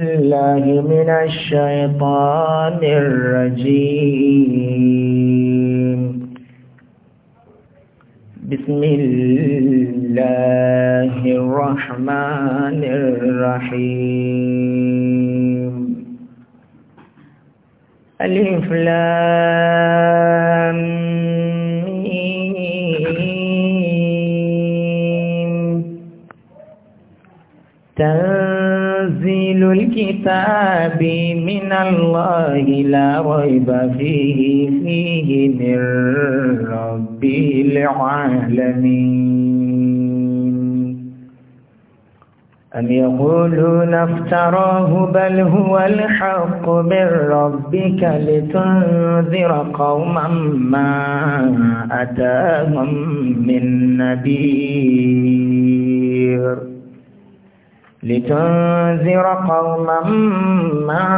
الله من الشيطان الرجيم بسم الله الرحمن الرحيم ألف لام ميم الكتاب من الله لا ريب فيه فيه من رب العالمين أم يقولون افتراه بل هو الحق من ربك لتنذر قوما ما أتاهم من نذير لتنذر قوما ما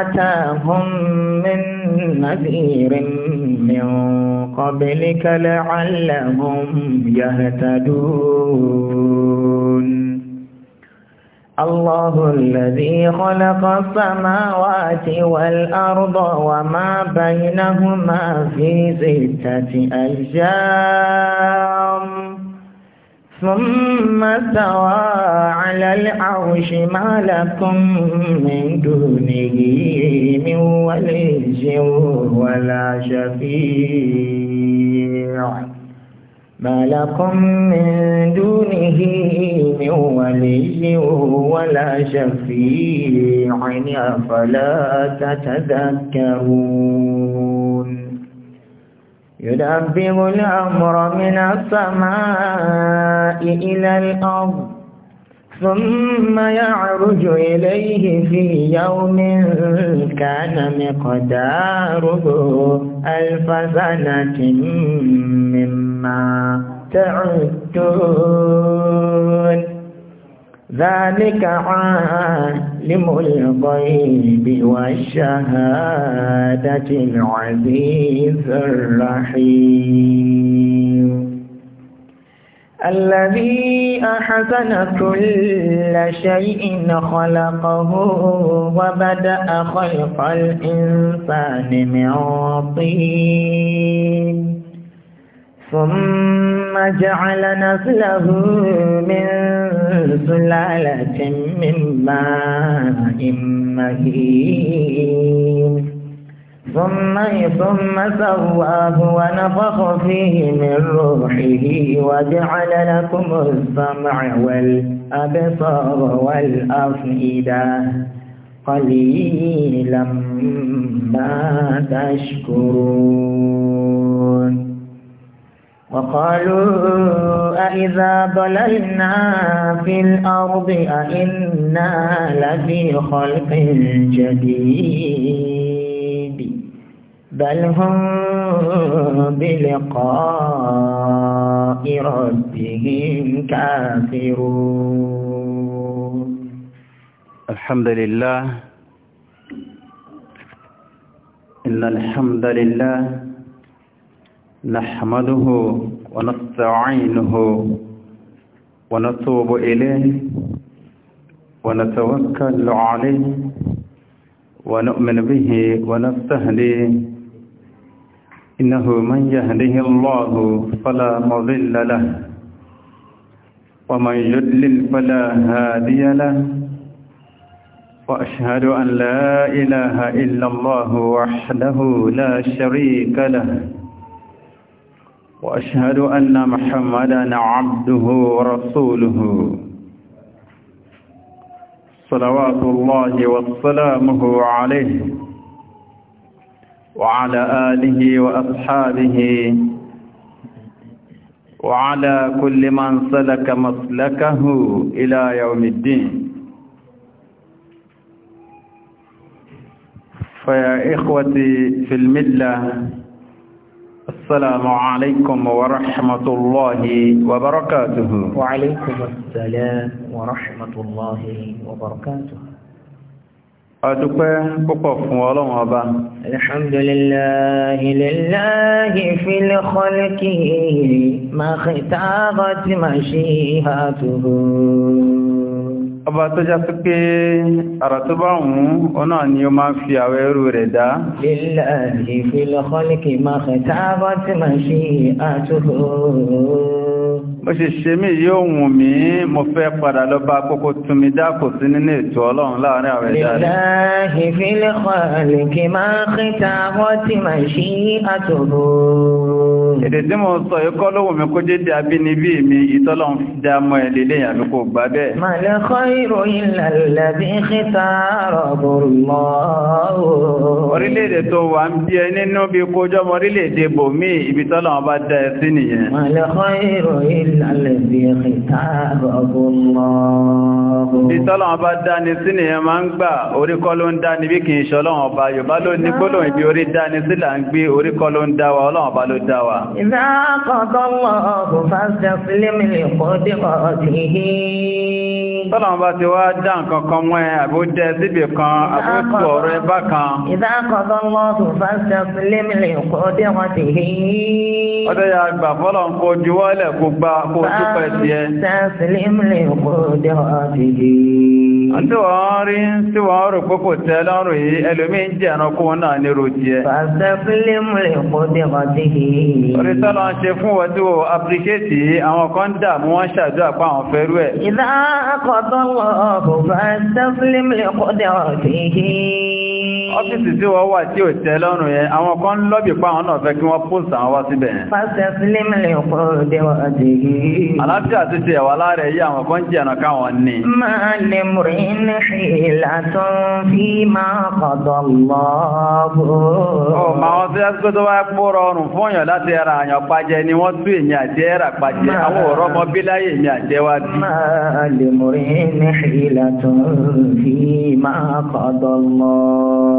أتاهم من نذير من قبلك لعلهم يهتدون الله الذي خلق السماوات والأرض وما بينهما في ستة أيام ثم سوى على العرش ما لكم من دونه من وليج ولا شفيع ما لكم من دونه من ولي ولا شفيع أفلا تتذكرون يدبر الأمر من السماء إلى الأرض ثم يعرج إليه في يوم كان مقداره ألف سنة مما تعدون ذلك عاد عالم الغيب والشهادة العزيز الرحيم الذي أحسن كل شيء خلقه وبدأ خلق الإنسان من طين ثم جعل نسله من سلالة من ماء مهين ثم ثم سواه ونفخ فيه من روحه وجعل لكم السمع والأبصار والأفئدة قليلا ما تشكرون وقالوا أإذا ضللنا في الأرض أإنا لفي خلق جديد بل هم بلقاء ربهم كافرون الحمد لله إن الحمد لله نحمده ونستعينه ونتوب إليه ونتوكل عليه ونؤمن به ونستهديه إنه من يهده الله فلا مضل له ومن يضلل فلا هادي له وأشهد أن لا إله إلا الله وحده لا شريك له وأشهد أن محمدا عبده ورسوله صلوات الله وسلامه عليه وعلى آله وأصحابه وعلى كل من سلك مسلكه إلى يوم الدين فيا إخوتي في الملة السلام عليكم ورحمة الله وبركاته وعليكم السلام ورحمة الله وبركاته أدوكي بقف ولو أبا الحمد لله لله في الخلق ما اختارت مشيئته ọba tó já sí pé àrà tó bá wùn ún ni ó máa fi àwẹ́ ẹrù rẹ̀ dá. lílàdì fílọ́kọ́lìkì máa fẹ̀ tábọ́ tí máa ṣe àtúkò. mo ṣe ṣe mí yóò wùn mí mo fẹ́ padà lọ bá kókó tún mi dá kò sí nínú ètò ọlọ́run láàrin àwẹ̀ dá rẹ̀. lílàdì fílọ́kọ́lìkì máa fẹ̀ tábọ́ tí máa ṣe àtúkò. èdè tí mo sọ yìí kọ́ mi kó jẹ́ dé abínibí mi ìtọ́lọ́ khayru illa alladhi ikhtarahu Allah. orílẹ̀-èdè tó wà ń bí ẹ nínú bí kójọ́ mọ́ orílẹ̀-èdè bòmí ibi tọ́lọ̀ wọn bá dá ẹ sí nìyẹn. wala khayru illa alladhi ikhtarahu Allah. bí tọ́lọ̀ wọn bá dá ní sí nìyẹn máa ń gbà orí kọ́ ló ń dá níbi kì í ṣe ọlọ́wọ́n ọba yorùbá ló ní gbólóhùn ibi orí dá ní sílà ń gbé orí kọ́ ló ń dá wa ọlọ́wọ́n ọba ló dá wa. ìdá àkọ́tọ́ wọn ọ̀gùn fásitì fílímù lè kọ́ dé ọ̀dì yìí. tọ́lọ̀ bá ti wá dá nǹkan kan mọ́ ẹ àbójẹ́ síbì kan àbójẹ́ ọ̀rọ̀ ẹbá kan. ìdákọ̀ọ́dọ́ lọ́sùn fásitì ọ̀sùnlẹ́mìlẹ̀ kò dé wọn ti hí. ọdọ ya gbà fọlọ ń kó juwọ́lẹ̀ kó gba kó túpẹ̀ tiẹ̀. fásitìlẹ́mìlẹ̀ kò dé wọn ti hí. àti wọ́n rí tí wọ́n rò pé kò tẹ́ lọ́rùn yìí ẹlòmíín jẹ́ ẹranko náà ní ro tiẹ̀. fásitìlẹ́mìlẹ̀ kò dé wọn ti hí. orí sọ́lọ́ ń ṣe fún wọ́n tí الله فاستسلم لقدرته ọ́fíìsì tí wọ́n wà tí ò tẹ́ lọ́rùn yẹn àwọn kan lọ́bì pa àwọn náà fẹ́ kí wọ́n pòsà wá síbẹ̀ yẹn. pásítẹ̀ fílímù lè kọ́ òde wà dé. àlàáfíà ti ẹ̀wà láàrẹ̀ yí àwọn kan jẹ̀nà káwọn ní. máa lè múrí ní ìlà ìlà tó ń fi máa kọ̀dọ̀ lọ́bù.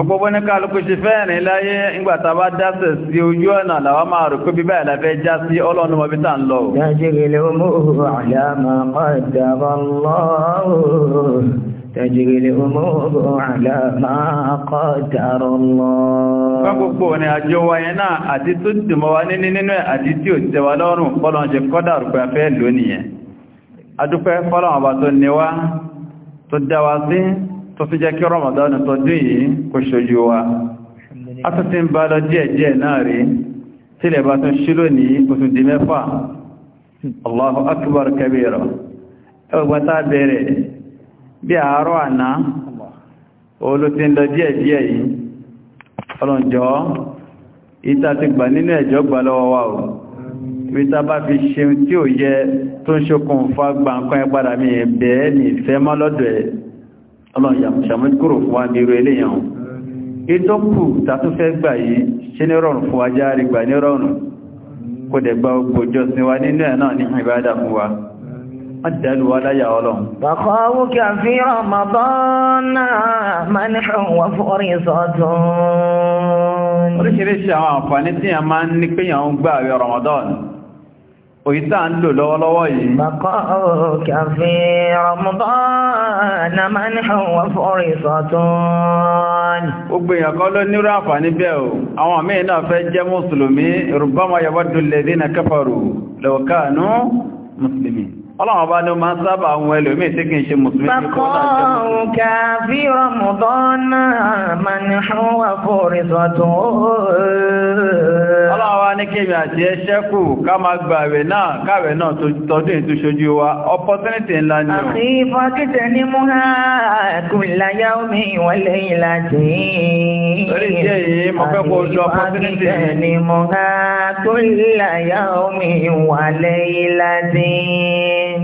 ọgbogbo ní kálukú ṣe fẹ́rin láyé ìgbàta bá jásẹ̀ sí ojú ọ̀nà làwọn máa rò pé bíbá ìlàfẹ́ já sí ọlọ́nu mọ́bí ń lọ. Allah. Tajiril umuru alama qaddara Allah. Fẹ́ gbogbo ní àjọ wa yẹn náà àti tó ti mọ́ wa níní nínú ẹ̀ àti tí ò tẹwa lọ́rùn sí tó fi jẹ́ kí Ramadan tó dín yìí kò ṣojú wa a tó ti ń bá lọ díẹ̀díẹ̀ náà rí tílẹ̀ bá tún ṣí ní kò di mẹ́fà Allahu akbar kabira ẹgbẹ́ta bẹ̀rẹ̀ bí àárọ̀ àná olú ti ń lọ díẹ̀díẹ̀ yìí ọlọ́njọ́ ìta ti gbà nínú ẹ̀jọ́ gbà o fi ọlọ́run ṣàmójú kúrò fún wa ní irú eléyàn ètò kù tàtúfẹ́ gbà yìí ṣe ní rọrùn fún ajá rí gbà ní rọrùn kò dẹ̀ gba ogbò jọsìn wa nínú ẹ̀ náà ní ìbádà fún wa wọ́n dẹ̀lú wa láyà ọlọ́run bàkọ́wù kí a fi òyí tá à ń lò lọ́wọ́lọ́wọ́ yìí. Bàkọ́ òkè fi Ramadan máa ń hàn wọ́n fọ́rí sọ́tún. Gbogbo èèyàn kọ́ ló nírú àǹfààní bẹ́ẹ̀ o. Àwọn míì náà fẹ́ jẹ́ Mùsùlùmí, Rùbámọ̀ Yawaddu alladhina kafaru law Mùsùlùmí ọlọ́run bá ní o máa sábà àwọn ẹlòmí tí kìí ṣe mùsùlùmí tí kò láti ọmọ kàfí ọmọdọ́nà kí àti ẹṣẹ́ kù ká máa gba opportunity ńlá ni o àti fọ́kítẹ̀ ní múhà kùláyà omi ìwọlé ìlàjì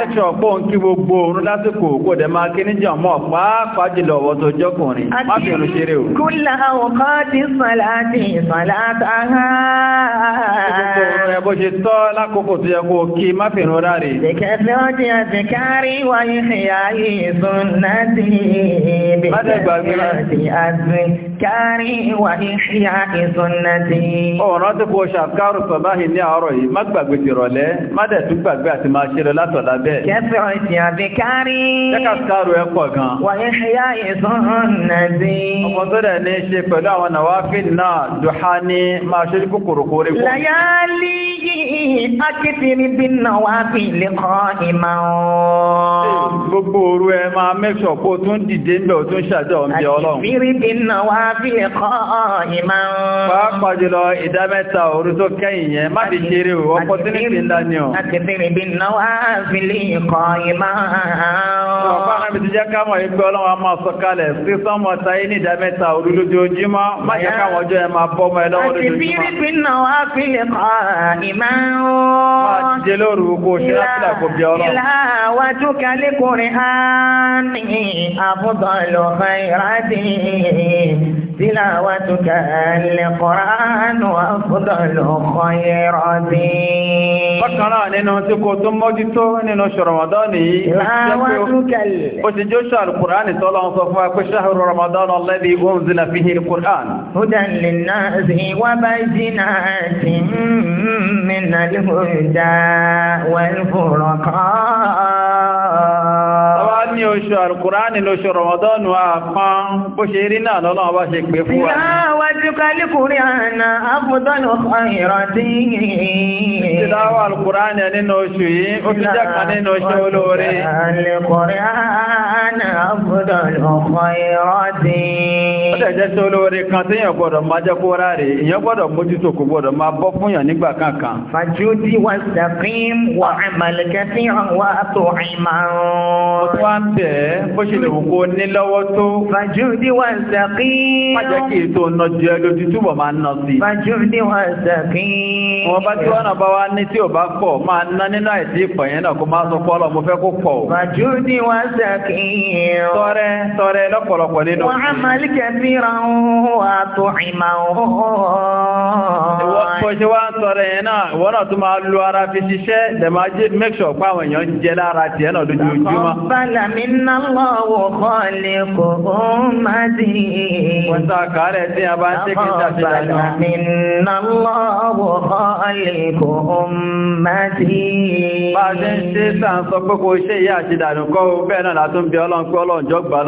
mẹ́ṣọ̀ pọ̀ ń kí gbogbo oorun lásìkò kò dẹ̀ máa kí níjọ mọ́ pàápàá jùlọ ọ̀wọ́ tó jọ́kùnrin má ṣeré o. kúlà ọkọ̀ ti sọ̀láàtì sọ̀láàtà ha. gbogbo oorun ẹ bó ṣe tọ́ lákòókò tó yẹ má fi rùn ráre. ìkẹfẹ́ ọdí wáyé ìyá ìsún náà ọ̀rọ̀ tó kó ṣàkárù sọ̀báhìn bẹ́ẹ̀. kẹfẹ́ ọ̀sìn àbíkárí. jẹ́ka sáró ẹ pọ̀ gan. wàyí ṣíyá ìsọ̀rọ̀ nàbí. ọmọ tó dẹ̀ ní ṣe pẹ̀lú àwọn nàwáfíìn náà dùhá ní máa ṣe kòkòrò kórè kò. làyálì yìí akitiri bí nàwáfíìn lè kọ́ ìmọ̀ ọ́. gbogbo òru ẹ máa mẹ́sọ̀ kó tún dìde ń bẹ̀ ó tún ṣàjọ ọ̀nbí ọlọ́run. akitiri bí nàwáfíìn lè kọ́ ìmọ̀ ọ́. pàápàá jùlọ ìdá mẹ́ta قائما Ọ̀pára mi ti jẹ́ kámọ̀ ìgbẹ́ ọlọ́wọ́ máa sọ kalẹ̀ sí sọ́mọ̀ táyé ní ìdámẹ́ta òru lójoojúmọ́, má jẹ́ káwọn ọjọ́ ẹ máa bọ́ ọmọ ẹ lọ́wọ́ lójoojúmọ́. Àti bírí bí náà wá fi lè kọ́ ìmọ̀ ooo. Máa rí hánì, àbúdọ̀ lọ fẹ́ ìrántí. Ìlà wájú Bákanáà nínú tí kò tún mójútó nínú Ramadan yìí, ó ti jó ṣe Al-Qur'an tọ́lọ sọ fún akpé ṣáhùrù Ramadan alladhi unzila fihi al-Qur'an. Hudan lin-nasi wa bayyinatin minal huda wal furqan. ní oṣù alkùránì lóṣù rọmọdọ́nù àpán bó ṣe rí náà lọ́nà ọba ṣe pé fún wa. ìdáwà tí kálíkùrí àná àbúdọ́nù ìrántí yìí. ìdáwà alkùránì nínú oṣù yìí ó fi jẹ́ kan oṣù yìí. ó dẹ̀ jẹ́ kan tẹ̀ ẹ́ bó ṣe lè wù kó ní lọ́wọ́ tó. fàjúdí wà sàkín. má jẹ́ kí ètò ọ̀nà jẹ́ lójú túbọ̀ máa ná sí. fàjúdí wà sàkín. wọn bá tí wọn náà bá wá ní tí ò bá pọ̀ máa ná nínú àìsí ìpọ̀ yẹn náà kó máa sọ pọ́ lọ mo fẹ́ kó pọ̀. fàjúdí wà sàkín. tọrẹ tọrẹ lọ́pọ̀lọpọ̀ nínú. wà á máa inna Allahu khaliqu ummati. wọ́n sọ àkàrẹ̀ tí a bá ń ṣe kí n ṣàṣe ìdájọ́. inna Allahu khaliqu ummati. bá a ṣe ń ṣe sàn sọ pé kò ṣe ìyá àti ìdànù kọ́ bẹ́ẹ̀ náà látún bí ọlọ́run pé gbà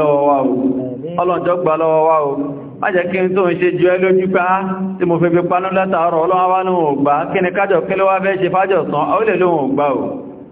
lọ́wọ́ wa o má jẹ́ kí n tó ń ṣe jù ẹ lójú pá tí mo fi fi panú látàárọ̀ ọlọ́run wá náà ò kí ni kájọ̀ kí ló wá fẹ́ ṣe fájọ̀ sán ó lè lóhun ò o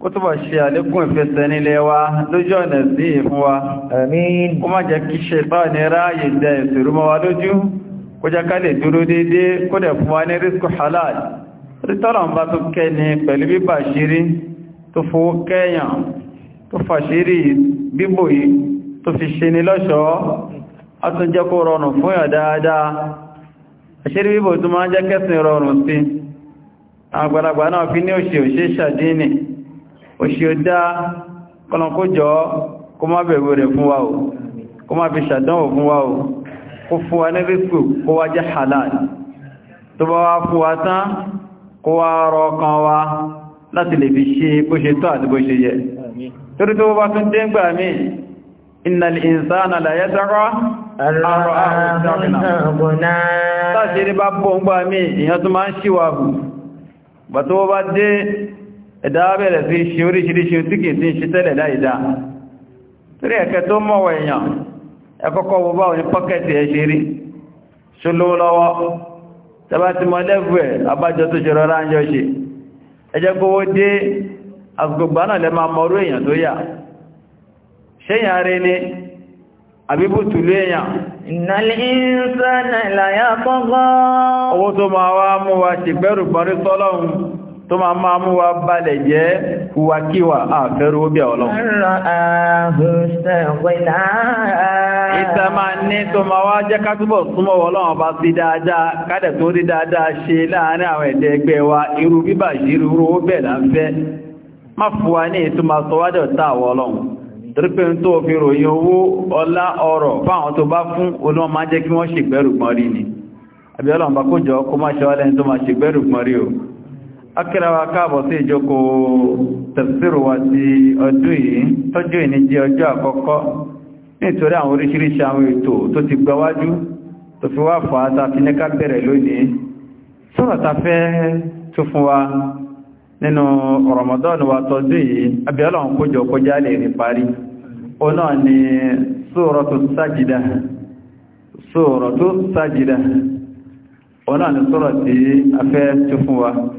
kó túbọ̀ ṣe àlékún ìfẹsẹ̀ nílẹ̀ wa lójú ọ̀nà sí ìfún wa kó má jẹ́ kí ṣe tọ́ọ̀ní ráyè jẹ ìṣòro mọ́ wa lójú kó jẹ́ ká lè dúró dédé kó dẹ̀ fún wa ní rísíkù halal rítọ́rọ̀ ń bá tó kẹ́ ni pẹ̀lú bíbà ṣírí tó fowó kẹ́yàn tó fàṣírí bíbò yìí tó fi ṣe ni lọ́ṣọ́ọ́ a náà fi ní òṣè òṣè ṣàdínì òṣì ó dá kọ́nàkó jọ kó má bẹ̀wẹ̀ rẹ̀ fún wa o kó má fi ṣàdánwò fún wa o kó fún wa nẹ́bí kò kó wá jẹ́ halal tó bá wá fún wa tán kó wá rọ kan wa láti lè fi ṣe bó ṣe tọ́ àti bó ṣe yẹ torí tó bá dé ẹ̀dá bẹ̀rẹ̀ sí ṣe oríṣiríṣi tí kìí sí ṣe tẹ́lẹ̀ láìdá torí ẹ̀kẹ́ tó mọ̀wọ̀ èèyàn ẹkọ́kọ́ wọ́bá òní pọ́kẹ̀tì ẹ̀ ṣe rí ṣolówó lọ́wọ́ tẹbá ti mọ́ lẹ́bù ẹ̀ abájọ tó ṣe rọra ń yọ ṣe ẹjẹ́ gbówó dé àgbègbà náà lẹ máa mọrú èèyàn tó yà rí ni èèyàn ìnàlẹ́ owó tó máa wá mú wa ṣègbẹ́rù parí tó máa máa mú wa balẹ̀ jẹ́ huwakiwa àfẹ́rú bí ọlọ́run. ìta máa ní tó máa wá jẹ́ ká túbọ̀ súnmọ́ ọlọ́run bá sí dáadáa kádẹ̀ tó rí dáadáa ṣe láàárín àwọn ẹ̀dẹ́ ẹgbẹ́ wa irú bíbà yìí irú owó bẹ́ẹ̀ là ń fẹ́ má fún wa ní ìtumọ̀ sọwádọ̀ tá àwọ̀ ọlọ́run torípé ń tó fi ròyìn owó ọlá ọrọ̀ akẹ́lẹ́wà káàbọ̀ sí ìjókòó tafsiru ti ọdún yìí tọ́jú ìní jẹ́ ọjọ́ àkọ́kọ́ nítorí àwọn oríṣiríṣi àwọn ètò tó ti gbáwájú tó fi wá fà ta fi ní ká bẹ̀rẹ̀ lónìí ta tó fún wa yìí ni tí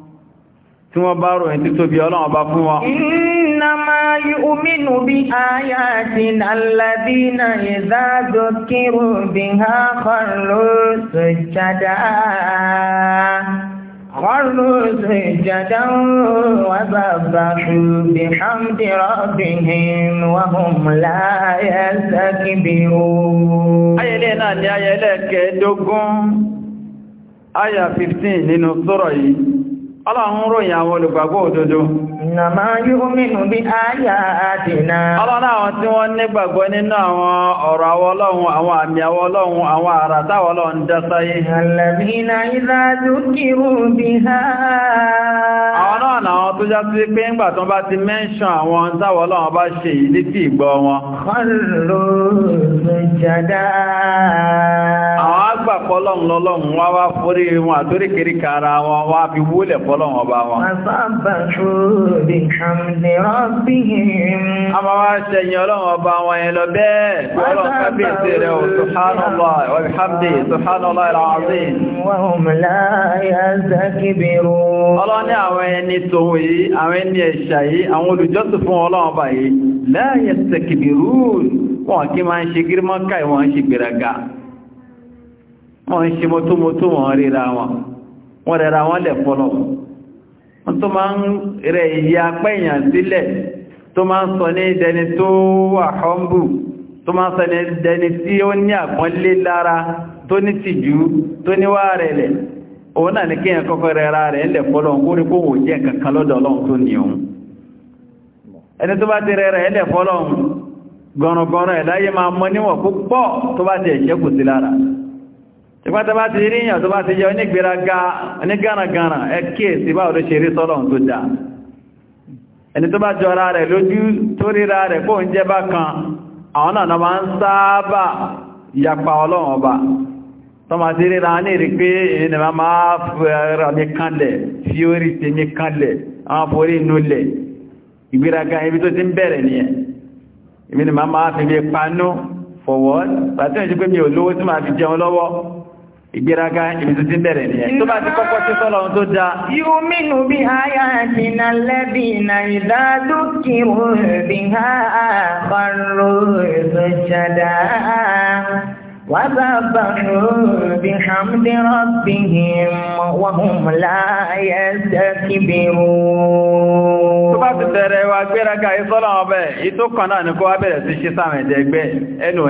tí wọ́n bá rò ẹ̀ntí tóbi ọlọ́run bá fún wọn. iná máa yí omínú bí ayá àti nàlàbí na ìdájọ́ kírò bí ha kọ̀rọ̀ sọ̀jádá kọ̀rọ̀ sọ̀jádá wọ́n bàbá bí hàmdì rọ́bìnrin wọ́n láyé sákìbí o. ayẹlẹ náà ni ayẹlẹ kẹẹ̀dógún ayà 15 nínú sọ́rọ̀ yìí Ọlọ́run ròyìn àwọn olùgbàgbọ́ òdodo. Nàmá yóò mínú bí áyà àdìnà. Ọlọ́run àwọn tí wọ́n nígbàgbọ́ nínú àwọn ọ̀rọ̀ àwọn ọlọ́run, àwọn àmì àwọn ọlọ́run, àwọn àrà táwọn ọlọ́run dá sáyé. Àlàbìnà ìdájú kírù bí ha. Àwọn náà làwọn tó já sí pé ńgbà tó bá ti mẹ́ṣàn àwọn táwọn ọlọ́run ọba wọn. Àbábàṣó bí hàmdì rọ́bì hìm. A máa wá ṣẹ̀yìn ọlọ́run ọba wọn yẹn lọ bẹ́ẹ̀. Ọlọ́run kábíyèsí rẹ̀ ò subhanallah wa bihamdi subhanallah al-azim. Wa hum la yastakbirun. Ọlọ́run ní la yastakbirun. Wọ́n kí máa ń ṣe gírímọ́ káì wọ́n ń ṣe gbéraga. Wọ́n ń ṣe mọ́tòmọ́tò wọn ríra wọn. Wọ́n rẹra wọn lẹ̀ fọ́lọ́. tó máa ń rẹ̀ ìyí apẹ́yàn sílẹ̀ tó máa ń sọ ní dẹni tó wà humble tó máa ń sọ ní dẹni tí ó ní àpọ́nlé lára tó ní tìjú tó níwà rẹ̀ lẹ̀ òun náà ní kí ẹn kọ́kọ́ rẹ̀ ra rẹ̀ ẹ̀lẹ̀ fọ́lọ́n kankan lọ́dọ̀ ọlọ́run tó ní òun ẹni ti ìpátá bá ti rí yàn tó bá ti jẹ́ onígbèraga onígánagánà ẹkẹ́ sí bá òdó ṣe rí sọ́lọ̀n tó dá ẹni tó bá jọra rẹ̀ lójú tó ríra rẹ̀ kó ń jẹ́ bá kan àwọn náà ma ń sáábà yapa ọlọ́run ọba tó ma ti ríra ní rí pé ẹni ma máa fẹ́ra mi kanlẹ̀ fi orí ti mi kanlẹ̀ pé mi ìgbéraga ìbìtú ti bẹ̀rẹ̀ ní ẹ̀ tó bá ti kọ́kọ́ sí sọ́lọ̀ tó já. yóò mínú bí ayá ti na lẹ́bí na ìdádókì òbí ha àkọrò èso ṣàdá wàbàbàrò bí hamdi rọ́bìhìm wọ́n láyé sẹ́kìbìrò. tó bá ti bẹ̀rẹ̀ wa gbéraga ìsọ́lọ̀ ọbẹ̀ ìtó kan náà ni kó wá bẹ̀rẹ̀ sí ṣísàmẹ̀dẹ̀gbẹ́ ẹnu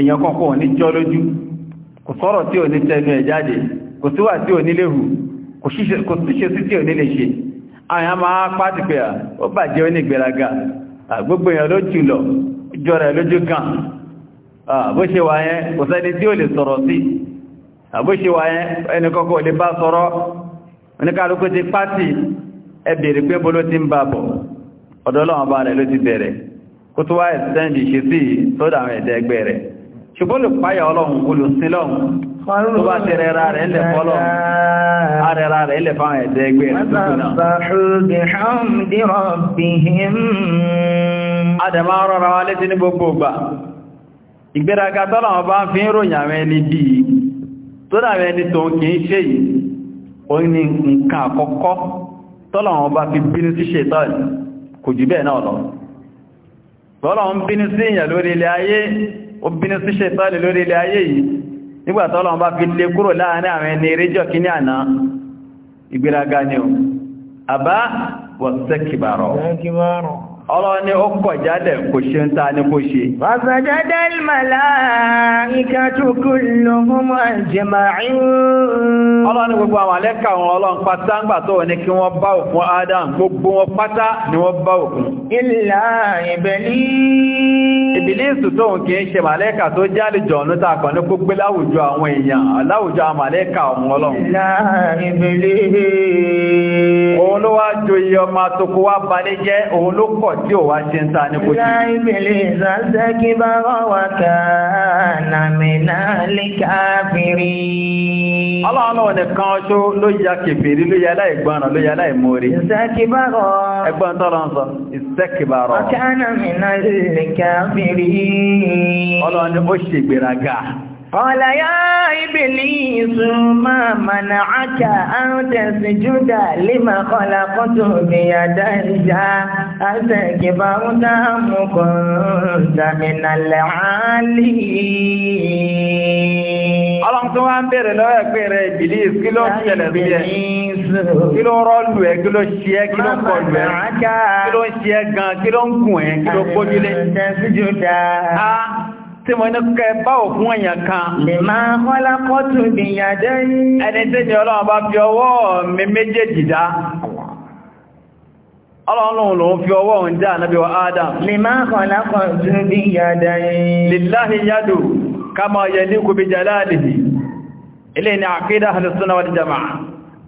èèyàn kọ̀ọ̀kọ̀ ò ní jọ lójú kò sọ̀rọ̀ tí ò ní tẹnu ẹ̀ jáde kò síwà tí ò ní lè hù kò síṣe sí tí ò ní lè ṣe àyà máa pàtì pé ó bàjẹ́ ó ní ìgbéraga gbogbo èèyàn ló jù lọ jọra ẹ̀ lójú gan bó ṣe wà yẹn kò sẹ́ni tí ò lè sọ̀rọ̀ sí bó ṣe wà yẹn ẹni kọ́kọ́ lè bá sọ̀rọ̀ oníkàlùkù ti pàtì ẹ pé bó ló ti ń bá bọ̀ ọ̀dọ́ bá rẹ̀ ló ti bẹ̀rẹ̀ kó tó wá ẹ̀sẹ́ndì ṣe sí sódà àwọn ẹ̀dẹ́gbẹ̀ ṣùgbọ́n olùpáyà ọlọ́run olùsílọ́run tó bá tẹ́rẹ ra rẹ̀ ilẹ̀ fọ́lọ́run ra rẹ̀ ilẹ̀ fáwọn ẹ̀dẹ́ ẹgbẹ́ rẹ̀ tọ́lọ̀wọ́n bá fi bínú sí ṣètọ́lì kò jù bẹ́ẹ̀ náà lọ. tọ́lọ̀wọ́n bínú sí ìyàn lórí ayé ó bínú sí ṣètọ́lì lórí ilẹ̀ ayé yìí nígbàtọ́lọ́wọ́n bá fi lè kúrò láàrin àwọn ẹni eréjọ́ kí ní àná ìgbéraga ni ó àbá wọ̀sẹ́kìbàrọ̀ ọlọ́wọ́ ni ó kọ̀ jálẹ̀ kò ṣe ń ta ní kò ṣe. Wàzàjádá ìmàlá ìkà tó kú ni gbogbo àwọn Adam gbogbo wọn ni wọ́n bá òkun. Ìbìlísù tó ń kí ń ṣe màlẹ́kà tó jáde jọ̀nú tàkàn ní gbogbo láwùjọ àwọn èèyàn, láwùjọ àwọn màlẹ́kà ọmọ ọlọ́run. Òun ló wá jo iye ọmọ àtòkò Ọlọ́run nìkan ṣó ló ya kèfèrí ló ya láìgbọ́nà ló ya láìmórí. Ìsẹ́kìbárọ̀. Ẹgbọ́n tọ́lọ́ ìsẹ́kìbárọ̀. Ọkà náà mìíràn lè káfí ọlọ́run ó ṣègbéraga قال يا إبليس ما منعك أن تسجد لما خلقت بيدي أستكبرت أم كنت من العالين Ọlọ́run tó wá ń bèèrè lọ́wọ́ ẹ̀pẹ́ rẹ̀ Ìbìlísì kí ló ń ṣẹlẹ̀ sí ẹ? Kí ló ń rọ́lù ẹ? Kí ló ń ṣe ẹ? Kí tí mo ní kẹ bá òkun èèyàn kan. Lè máa mọ́lá kọ́tù ìyàdẹ́ yìí. Ẹni tí ni ọlọ́run bá fi ọwọ́ mi méjèèjì dá. Ọlọ́run fi ọwọ́ òun dá wa Adam. Lè máa yìí. Ilé ni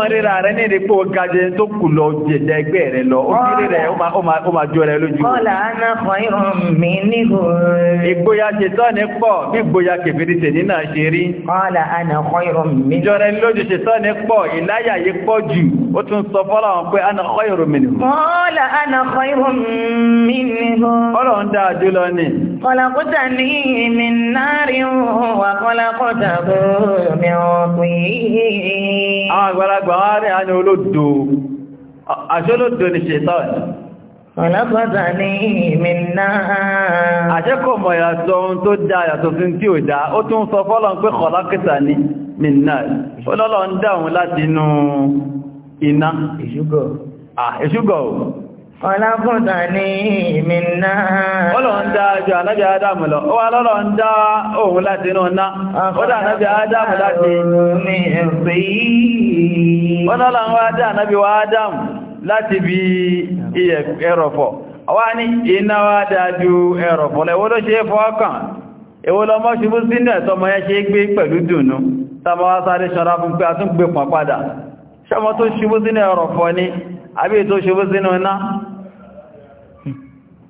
wọ́n ríra rẹ̀ ní ìrìpò gajẹ́ tó kù lọ jẹ̀dẹ̀ ẹgbẹ́ rẹ̀ lọ òkìrí rẹ̀ ó máa jọ rẹ̀ lójú. ọ̀là aná kan irun mi níhò. ìgboyà ṣètọ́ni pọ̀ bí ìgboyà kẹfìrí tèmi náà ṣe rí. ọ̀là aná kan irun mi. ìjọra ẹni lójú ṣètọ́ni pọ̀ ìláyà yìí pọ̀ jù ó tún sọ fọ́lá wọn pé aná kan irun mi níhò. ọ̀là aná kan irun mi níhò. ọlọ́run dáa jùlọ ni. kọ̀làkúta ní mi náà rí àgbà wọ́n rí àní olódò àṣọ́lódò ni ṣètọ́n ọ̀lọ́pọ̀tà ní ìmìnà àṣẹ́kọ̀ mọ̀ yàtọ̀ ohun tó dá yàtọ̀ sí tí ò dá ó tún sọ fọ́lọ̀ pé kọ̀lákìtà ní mìnà olọ́lọ́ Ọlábùdà ní ìmì náà. Ọlọ́run dá ju ànábì Ádámù lọ. Ó wá lọ́lọ́run dá òun láti inú ọ̀nà. Ó dá ànábì Ádámù láti. Ní ẹ̀fẹ́ yìí. Ó lọ́lọ́run wá dá ànábì wa Ádámù láti bí iyẹ̀ ẹrọ̀fọ̀. Ọwá ní iná wá dá ju ẹrọ̀fọ̀ lọ. Èwo ló ṣe é fọ́ ọkàn? Èwo lọ mọ́ ṣubú sínú ẹ̀tọ́mọ yẹn ṣe é gbé pẹ̀lú àbí ètò ṣubú sínú iná.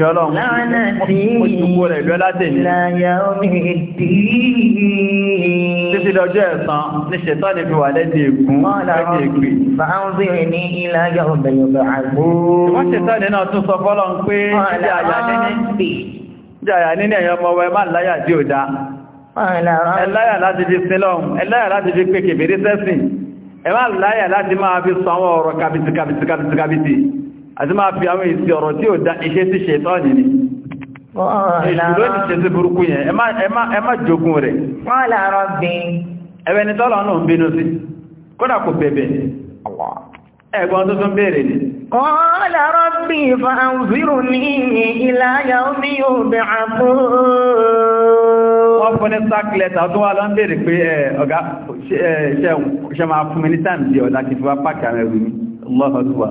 èmi ọlọ́run mo ti gbogbo rẹ̀ lọ́lá tèmi títí lọ́jọ́ ẹ̀san ní ṣẹ̀tọ́ ní fi wà lẹ́dẹ̀ ègún lẹ́dẹ̀ ègbè ẹláyà láti fi sílọ́un ẹláyà láti fi pé kèbèrè sẹ́sìn ẹ láyà láti máa fi sọ àwọn ọ̀rọ̀ kàbìtì kàbìtì kàbìtì kàbìtì àti máa fi àwọn èsì ọ̀rọ̀ tí ó dá iṣẹ́ tí ṣe tọ́ nìní ìṣùlọ́ ṣe tí burúkú yẹn ẹ jogun rẹ̀ ẹ̀wẹ̀ ni náà ń bínú sí kódà kò bẹ̀bẹ̀ ẹ̀gbọ́n tó tún bèèrè ni niile ila Wọ́n fún ní tó lọ ń bèèrè pé eh, ọ̀gá eh, fún mi ní ọ̀dá kìfíwá pàkàrẹ̀ rú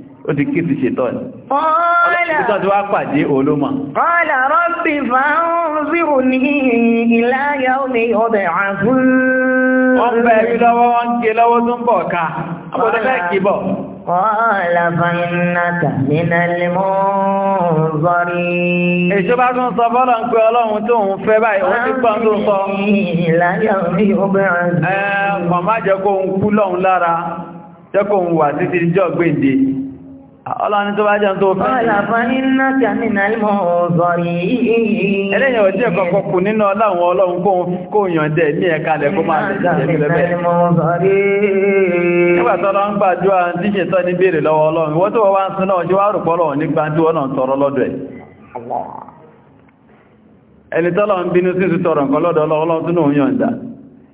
ó ti kí ti ṣètọ́ ni. Ṣètọ́ ti wá pàdé olómọ̀. Qala rabbi fanzirni ila yawmi yub'athun. Wọ́n bẹ̀ rí lọ́wọ́ wọ́n gé lọ́wọ́ tó ń bọ̀ ká. Àbọ̀dẹ́ fẹ́ kì bọ̀. Qala fa innaka minal munzirin. Èṣó bá tún sọ bọ́lọ̀ ọlọ́run tó bá jẹun tó fẹ́. ọlọ́fà iná kàmínà mọ̀ ọ̀zọ̀rí. ẹlẹ́yìn ọjọ́ kọ̀kọ́ kù nínú ọláwọn ọlọ́run kó yàn jẹ ní ẹ̀ka lẹ̀ kó máa tẹ̀sí ẹ̀lẹ́bẹ̀. nígbà tọ́lọ́ ń gbàdúrà tí ṣètọ́ ní béèrè lọ́wọ́ ọlọ́run wọ́n tó wọ́n wá ń sun náà ṣe wá rùpọ́ lọ́wọ́ ní gbàdúrà náà tọrọ lọ́dọ̀ ẹ̀. ẹni tọ́lọ́ ń bínú sí ti tọrọ nǹkan lọ́dọ̀ ọlọ́run tó náà yàn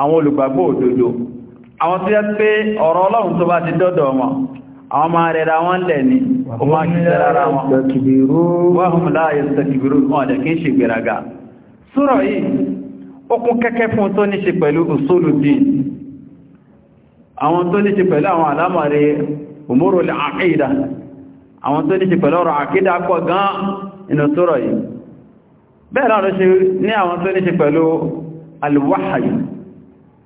àwọn olùgbàgbọ́ òdodo àwọn tó yẹ pé ọ̀rọ̀ ọlọ́run tó bá ti dọ́dọ̀ wọn àwọn máa rẹ̀ra wọn lẹ̀ ní o máa kí tẹ́rara wọn wọ́n láàyè sẹ́kìbìrú wọn lẹ̀ kí ń ṣe gbèraga súrọ̀ yìí ó kún kẹ́kẹ́ fún tó ní ṣe pẹ̀lú bẹ́ẹ̀ náà ṣe ní àwọn tó ní ṣe pẹ̀lú alwahyu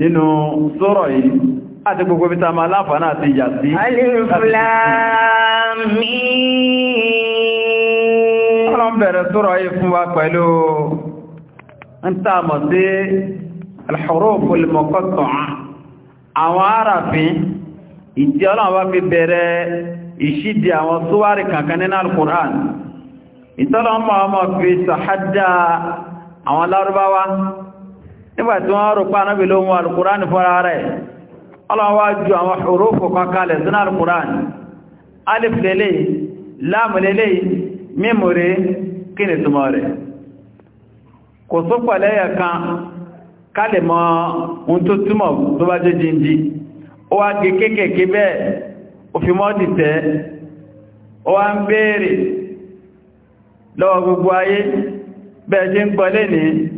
nínú sọ́rọ̀ yìí àti gbogbo bí ta máa láfàánà àti ìyà sí ọlọ́n bẹ̀rẹ̀ sọ́rọ̀ yìí fún wa pẹ̀lú ń tààmọ̀ sí al-huruful muqatta'a fi bẹ̀rẹ̀ ìṣídì àwọn súwárì kankan nínú al-Qur'an ìtọ́lọ́mọ̀ ọmọ fi sàhádà àwọn lárúbáwá nígbàtí wọ́n rò pa anábì lóhun fọrọ fọ́ra rẹ̀ ọlọ́wọ́ àwọn hurufu kan sínú alukùránì alif lélẹ̀ láàmù lélẹ̀ kí túnmọ̀ rẹ̀ kò kan mọ́ ohun tó túnmọ̀ tó bá jẹ́ mọ́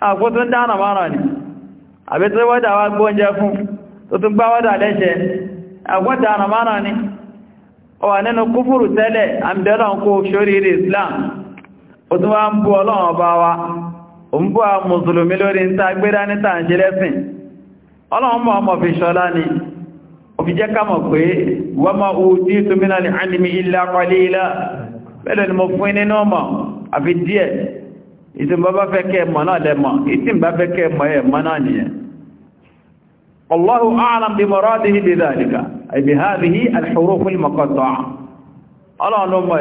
àkó tó ń dáná márùn ní àbí tó wọ́dà wá gbóúnjẹ fún tó tún gbá wọ́dà lẹ́ṣẹ́ àkó dáná márùn ní ọwà nínú kúfùrù tẹ́lẹ̀ àmìdẹ́lọ́n kó ṣoríire Islam ó tún wá ń bú ọlọ́run ọba wa ó ń a mùsùlùmí lórí ń ta gbéra ní ni ìtì bá bá fẹ́ kẹ́ mọ̀ náà lẹ́mọ̀ ìtì bá fẹ́ kẹ́ mọ̀ ẹ̀ mọ̀ náà nìyẹn Allahu a'lam bi muradihi bi dhalika ay ha hadhihi al-huruf al-muqatta'a Ọlọ́run ló ụmụ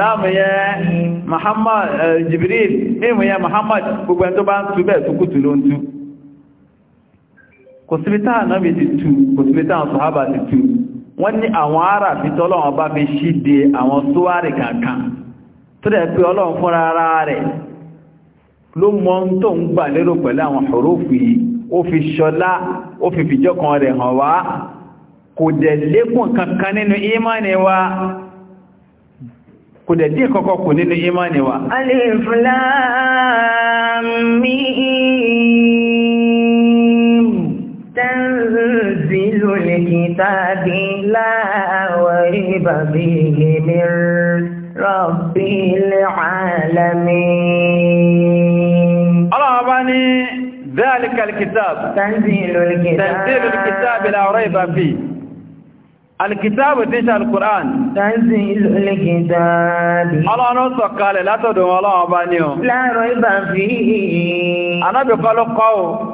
a Muhammad Muhammad gbogbo wọ́n ní àwọn ará fi tọ́lọ́wọ́n bá fi ṣíde àwọn sówárì kankan tó dẹ̀ pé ọlọ́run fúnra ara rẹ̀ ló mọ́ ń tó ń gbà lérò pẹ̀lú àwọn hurufu ó fi ṣọlá ó fi fìjọ́kan rẹ̀ hàn wá kò dẹ̀ lékùn kankan nínú ìmánì wa kò dẹ̀ dín kankan kù nínú ìmánì wa. alif الكتاب لا وريب به من رب العالمين الله ذلك الكتاب تنزيل الكتاب تنزيل الكتاب لا ريب فيه الكتاب تنشى القرآن تنزيل الكتاب الله نوصى قال لا تدوم الله أبانيو لا ريب فيه أنا بقال قول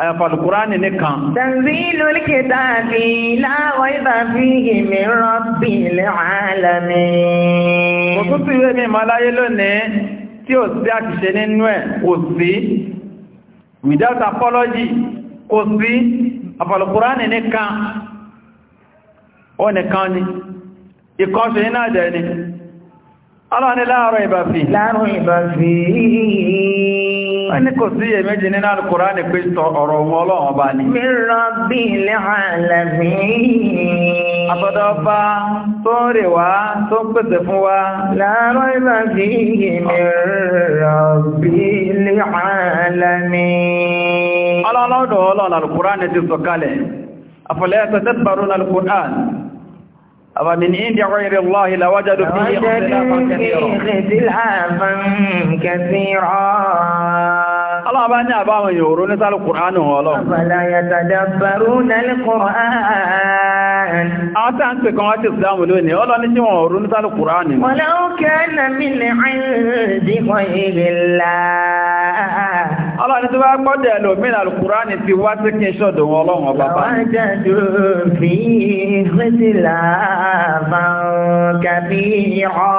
Àyàfàlùkúránì nìkan. Tanzilul kitabi la rayba fihi min rabbil alamin. Kò tún sí ìwé mi máláyé lónìí tí ò sí àṣìṣe nínú ẹ̀ kò sí. Without apology kò sí. Àfàlùkúránì nìkan. Ó nìkan ni. Ìkọ́ṣe iná jẹ ni. Ọlọ́ni láàárọ̀ ìbàfì. Láàárọ̀ ìbàfì wọ́n ní kò sí èméjì nínú Al-Kùránì pé ọ̀rọ̀ wọn ọlọ́run ọba ni. mi Rabbil alamin. àtọ́dọ̀ ọba tó ń rè wá tó ń pèsè fún wa. la rayba fihi min Rabbil alamin. ọlọ́lọ́dọ̀ ọlọ́run أما من عند غير الله لوجدوا فيه اختلافا كثيرا الله بني أبا من يورون سأل القرآن والله فلا يتدبرون القرآن أعطان تكون هاتي السلام لوني والله نجي وورون سأل القرآن ولو كان من عند غير الله Ọlọ́run tó bá gbọ́dẹ̀ lò mínà Al-Kùránì ti wá sí kí n ṣọ́dọ̀ wọn ọlọ́run ọba bá. Wọ́n jẹ́jú fi ìfẹ́sílà máa kàbí ọ́.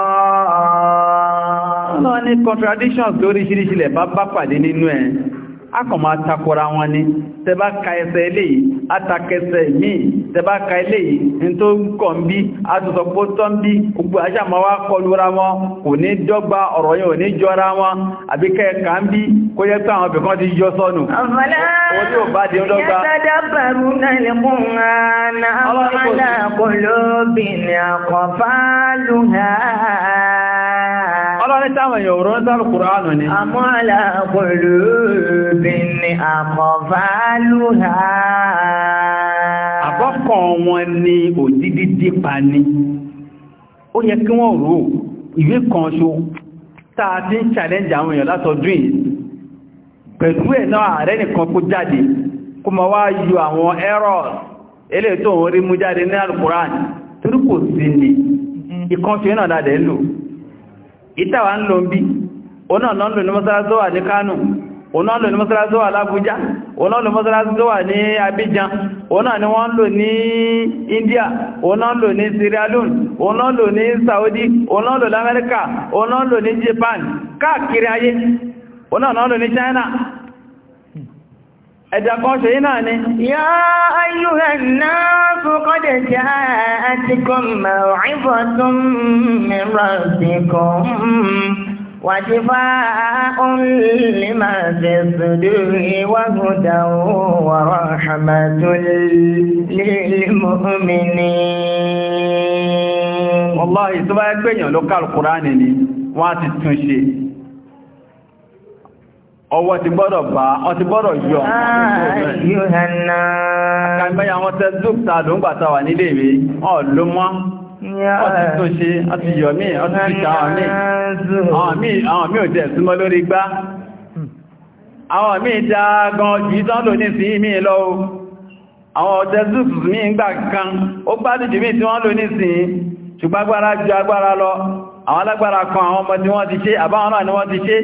Ọlọ́run ní contradictions lóríṣiríṣi lẹ̀ bá bá pàdé nínú ẹ̀. akọm atakwara takọra wọn ni tẹbá ka ẹsẹ̀ eléyìí atakẹsẹ̀ míì tẹbá ka eléyìí ní tó ń kọ̀ ń bí atùsọ̀pọ̀ tọ́ ń bí gbogbo aṣàmọ́wá wọn kò ní dọ́gba ọ̀rọ̀ táwọn èèyàn rọ́ sáré kùránù ni. àmọ́là kòlù bí ní àkọ́fàálùhà. àbọ́kàn wọn ni òdídí dípa ni ó yẹ kí wọ́n rò ìwé kan ṣo táa ti ń challenge àwọn èèyàn látọdún yìí pẹ̀lú ẹ̀ náà ààrẹ nìkan kó jáde kó ma wá yọ àwọn errors ilé tó ń rí mú jáde ní alukuran torí kò sí ni ìkan ṣe náà dáadẹ́ lò ìtàwà ń lò ń bí ọ̀nà ọ̀nà lò ní mọ́sálásí wà ní Kánò ọ̀nà lò ní mọ́sálásí wà l'Ábújá ọ̀nà lò mọ́sálásí wà ní Abidjan ọ̀nà ni wọ́n lò ní India ọ̀nà lò ní Sierra Leone ọ̀nà lò ní Saudi ọ̀nà lò ní Amẹ́ríkà ọ̀nà lò ní Japan káàkiri ayé ọ̀nà lò ní China ẹ̀dà kan ṣe yí náà ni. Yá ayúhẹ̀ náà fòkọ́dẹ̀ jẹ́ àtikọ̀ mẹ́wàá tún mìíràn sí kan. وشفاء لما في الصدور وهدى ورحمة للمؤمنين. Wàláhì tó bá ẹgbẹ̀yàn ló ká Al-Kùránì ni, wọ́n á ọwọ́ ti gbọ́dọ̀ bá ọ ti gbọ́dọ̀ yọ Yohana wọn tẹ́ dúkta ló ń gbàta wà nílé ìwé ọ ló mọ́ ọtí tó ṣe ọtí yọ mí ọtí ṣíṣà àwọn mí àwọn mí ò súnmọ́ gbá àwọn mí já gan tán lò àwọn alágbára kan àwọn ọmọ tí wọ́n ti ṣe àbáwọn náà ni wọ́n ti ṣe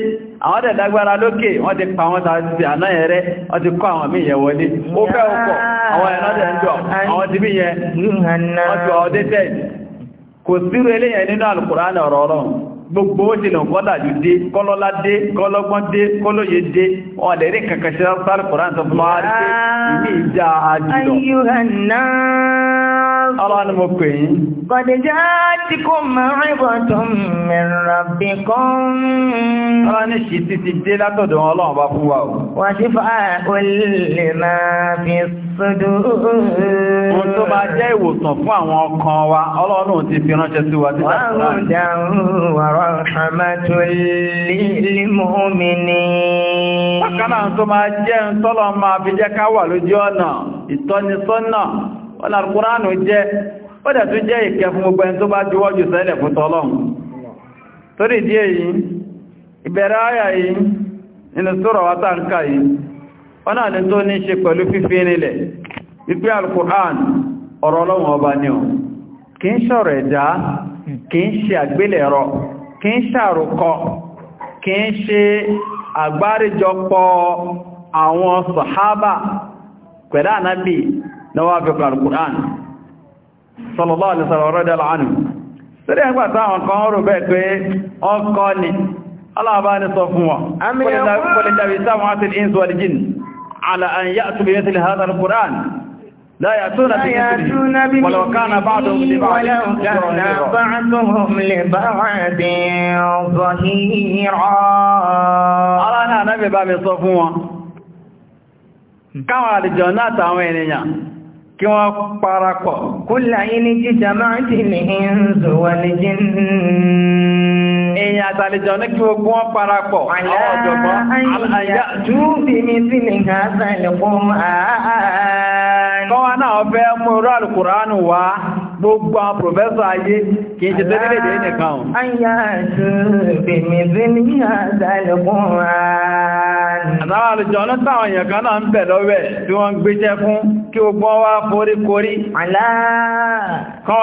àwọn dẹ̀ lágbára lókè wọ́n ti pa wọ́n ta ti àná ẹ̀rẹ́ wọ́n ti kọ́ àwọn míì yẹ wọlé ó fẹ́ ọkọ̀ àwọn ẹ̀nọ́dẹ̀ ń jọ àwọn ti bí yẹ wọ́n ti ọdẹ́ tẹ́ kò sírò eléyẹn nínú Al-Kùránì ọ̀rọ̀ Ọlọ́run gbogbo ó ti lọ kọ́dàjú dé kọ́lọ́lá dé kọ́lọ́gbọ́n dé kọ́lóye dé wọ́n lè rí Ọlọ́ ni mo pè yín. Kọ̀dìjá tí kò mẹ́rin bọ̀tún mẹ́rin bí kan. Ọlọ́ ní ṣì ti ti dé látọ̀dọ̀ Ọlọ́run bá fún wa o. Wà sí fa olè máa fi sódò. Ohun tó máa jẹ́ ìwòsàn fún àwọn ọkàn wa, Ọlọ́run ti fi ránṣẹ́ sí wa sí ìdàkùnrin. Wà ìtọ́nisọ́nà. ọ̀nà alkùránù jẹ́ ó dẹ̀ tún jẹ́ ìkẹ́ fún gbogbo ẹni tó bá juwọ́jú sẹ́lẹ̀ fún tọ́lọ́run torí ìdí èyí ìbẹ̀rẹ̀ ayà yìí nínú sọ́rọ̀ wátà yìí ni àgbáríjọpọ̀ àwọn sahaba pẹ̀lú anabi. نوافق القرآن صلى الله عليه وسلم رضي الله عنه sílẹ̀ ń gbàtà àwọn kan rò bẹ́ẹ̀ pé ọkọ̀ ni aláàbá ní sọ fún wọn kọlẹ̀dàbí على أن يأتوا بمثل هذا القرآن لا يأتون بمثله ولو كان بعضهم لبعض ولو كان بعضهم لبعض ظهيرا على أنها نبي بابي صفوة كما لجنات عوين kí wọ́n parapọ̀. Kúlà yìí ní jíjà máa jì ní ìrìnzò wà ní jí Èyàn àtàlejò ní kí ogun parapọ̀ Àyà gbogbo àwọn pòfẹ́sọ̀ ayé kìí ṣe tẹ́lẹ̀dẹ̀ nìkan ọ̀. ayá àti bèmìbí ní àdàlẹ̀kùn ààrùn. àtàwọn àlùjọ ní táwọn èèyàn kan náà ń bẹ̀ lọ́wẹ́ tí wọ́n ń gbéṣẹ́ fún kí ó wá forí korí. àlá. kọ́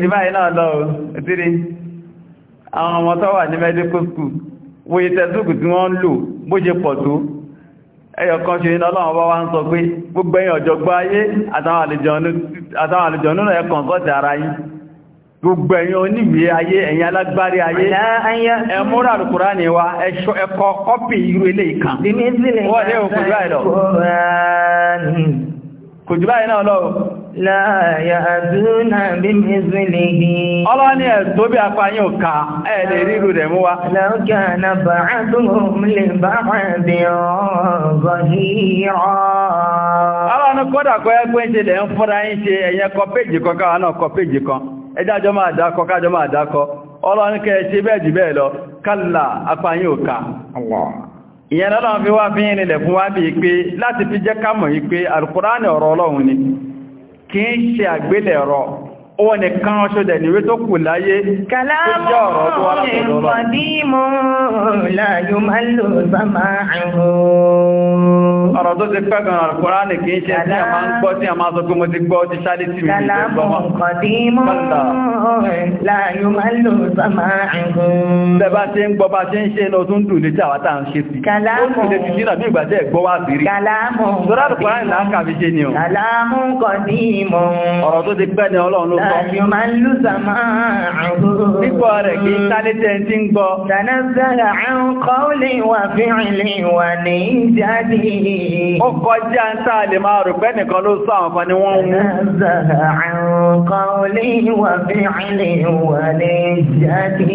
Kìí báyìí náà lọ òtírí, àwọn ọmọ tó wà ní medical school, wo ìtẹ́ tókù tí wọ́n ń lò bó ṣe pọ̀ tó. Ẹyọ kan ṣe iná ọlọ́run bá wá ń sọ pé gbogbo ẹ̀yàn ọ̀jọ̀gbọ́ ayé àtàwọn àlejò nínú ẹ̀kàn kọ́tẹ̀ ara yìí. Gbogbo ẹ̀yàn oníwé ayé, ẹ̀yìn alágbárí ayé, ẹmúrà láàyà àdúnà bí mẹ́sìlẹ̀ ọlọ́ni ẹ̀ tó bí apá ká ẹ̀ lè ríru rẹ̀ mú wa. na bàá tó lè bá bí ọlọ́ni kódà kọ́ ẹgbẹ́ ń ṣe lẹ̀ ń fúnra ń ṣe kọ péjì náà kọ péjì kan ẹjájọ́ máa dákọ kájọ́ máa dákọ ọlọ́ni kẹ́ ṣe bẹ́ẹ̀ jù bẹ́ẹ̀ lọ kálà apá ká. ìyẹn fi wá fi ń fún wa bíi pé láti fi jẹ́ ká mọ̀ yìí pé al ọ̀rọ̀ Ọlọ́run kìí ṣe àgbélẹ̀rọ ó nìkan ṣọ́dẹ̀ níwé tó kù láyé kàlámù ọ̀rọ̀ tó wà látọ̀lọ́rọ̀ tó ti pẹ́ gan Al-Kùránì kì í ṣe tí a máa ń gbọ́ tí a máa sọ pé mo ti gbọ́ ti ṣáde sí mi ìgbẹ́ gbọ́mọ́. Bẹ́ẹ̀ bá ṣe ń gbọ́ bá ṣe ń ṣe ní ọdún dùn létí àwa tá à ń ṣe sí. Ó ń dùn létí dínà bí ìgbà tẹ́ gbọ́ wá sí rí. Sọ́dọ̀ Al-Kùránì là ń kàfi ṣe ni o. rẹ̀ kì ó kọjá ń tàà lè máa rò pé nìkan ló sọ àwọn fani wọ́n mú Àrùn kan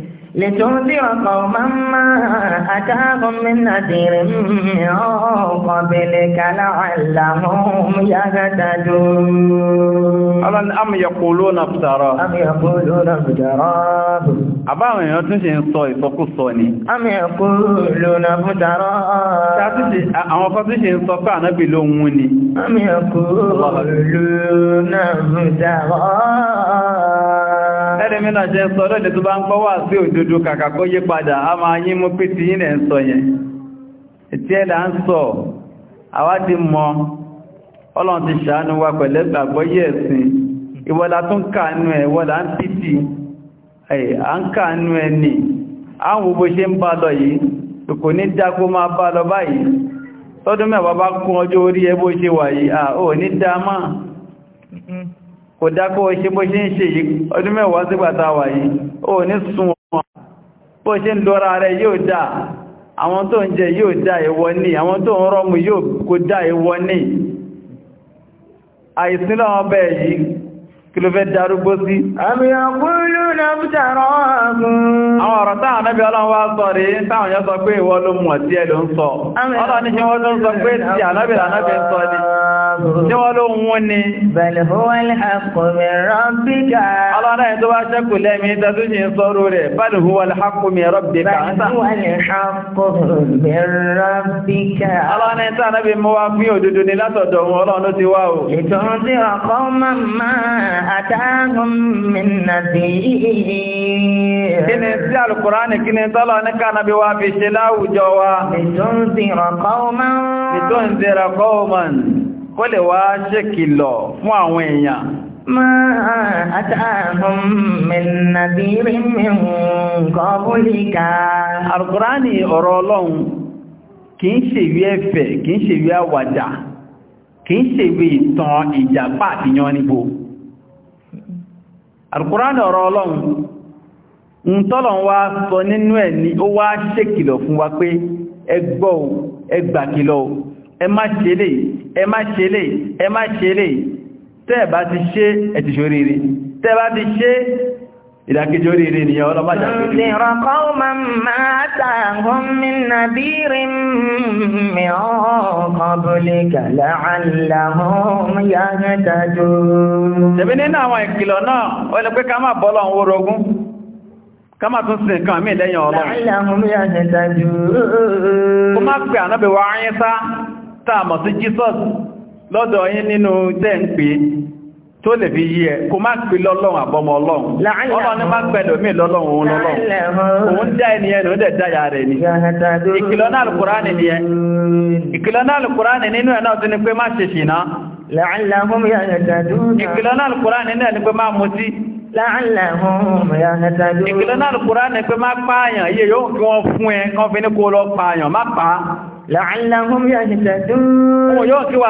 لتنذر قوما ما أتاهم من نذير من قبلك لعلهم يهتدون أم يقولون افتراه أم يقولون افتراه àbáwọn èèyàn tún ṣe ń sọ ìsọkúsọ ni. àmì ẹ̀kú lónà fún tààrọ. àwọn kan tún ṣe ń sọ pé ànábì ló ń wún ni. àmì ẹ̀kú lónà fún tààrọ. tẹ́rẹ mìíràn jẹ́ sọ lọ́lẹ̀ tó bá ń gbọ́ sí òdodo kàkà yí padà a máa yí mú pé ti ń sọ yẹn ń sọ ti ṣàánú wa pẹ̀lẹ́ gbàgbọ́ ẹ̀sìn ìwọ́lá kàánú ẹ̀ wọ́lá ń à ń kàánú àwọn ṣe ń bá lọ yìí kò ní dákó máa bá lọ báyìí tọ́dún mẹ́wàá bá kún ọjọ́ orí kò dákọ́ ṣe bó ṣe ń ṣe yìí ọdún mẹ́wàá sígbàtà wà yìí ó ní sun wọn bó ṣe ń lọ́ra rẹ̀ yóò dá àwọn tó ń jẹ yóò dá ìwọ ní àwọn tó ń rọ́mù yóò kó dá ìwọ ní àìsílọ́wọ́ bẹ́ẹ̀ yìí kí ló fẹ́ darúgbó sí. àmì àkúlù náà fi tààrọ ààbùn. àwọn ọ̀rọ̀ táwọn ẹbí ọlọ́run wá sọ rí táwọn yọ́ sọ pé ìwọ ló mọ̀ tí ẹ ń sọ. ọlọ́ ní ṣe wọ́n ló ń sọ pé tí ànábìlà náà fi sọ ni. tí wọ́n ló ń wọ́n ni. bẹ̀lẹ̀ fún wọn lè àkùnmí rọ́bìkà. ọlọ́run ẹni tó bá ṣẹ́kù lẹ́mí tẹ́tù ṣe ń sọ́rọ̀ rẹ̀ bẹ́ẹ̀ fún wọn lè àkùnmí rọ́bìkà. ọlọ́run ẹni tí ànábì mú wá fún òdodo ni látọ̀dọ̀ òun ọlọ́run ló ti wá o. ìtọ́jú àtàhùn min nadhir. kí ni sí alukurani kí ni tọ́lọ ní kánàbí wa fi ṣe láwùjọ wa. ìtúnzìrọ̀ qawman. ìtúnzìrọ̀ lè wá fún àwọn èèyàn. ما أتاهم من نذير من قبلك القرآن kìí ṣe ìwé ẹ̀fẹ̀ kìí ṣe ìwé kìí ṣe ìwé ìtàn ìjàpá àti alkùránì ọ̀rọ̀ ọlọ́run ń tọ́lọ̀ wá sọ nínú ẹ̀ ni ó wá ṣèkìlọ̀ fún wa pé ẹ gbọ́ o ẹ gbàkìlọ̀ o ẹ má ṣe lè ẹ má ṣe lè ẹ má ṣe lè tẹ́ẹ̀ ti ṣe ẹ̀ ti ti ṣe ìdákejì oríire nìyàn ọlọ́bàjá tó dìí. Lèrọ kọ́ máa máa tààhùn mi nàbí rí mi ọkàn bólé kàlà àlàhùn yá dájú. Ṣèbí nínú àwọn ìkìlọ̀ náà, ó lè pé ká máa bọ́lọ̀ ń wórogún, ká máa tún sin nǹkan mí lẹ́yìn ọlọ́run. Àlàhùn yá dájú. Ó má pè ànábì wa ayé sá, sí Jísọ́s lọ́dọ̀ yín nínú tẹ́ ń pè tó lè fi yí ẹ kó má pè lọ́lọ́run àbọ́mọ ọlọ́run ọlọ́run ní má pẹ̀lú mí lọ́lọ́run òun lọ́lọ́run òun dá ẹni ẹni ó dẹ̀ dáyà rẹ̀ ni ìkìlọ̀ náà lùkùránì ni ẹ ìkìlọ̀ náà lùkùránì nínú ẹ̀ náà tún ni pé má ṣe ṣìnà ìkìlọ̀ náà lùkùránì ni pé má mutí ìkìlọ̀ náà lùkùránì pé má pààyàn iye yóò fi wọ́n fún ẹ kán fi ní kó lọ pààyàn má pàá Láàrín àwọn ọmọ yóò kí wà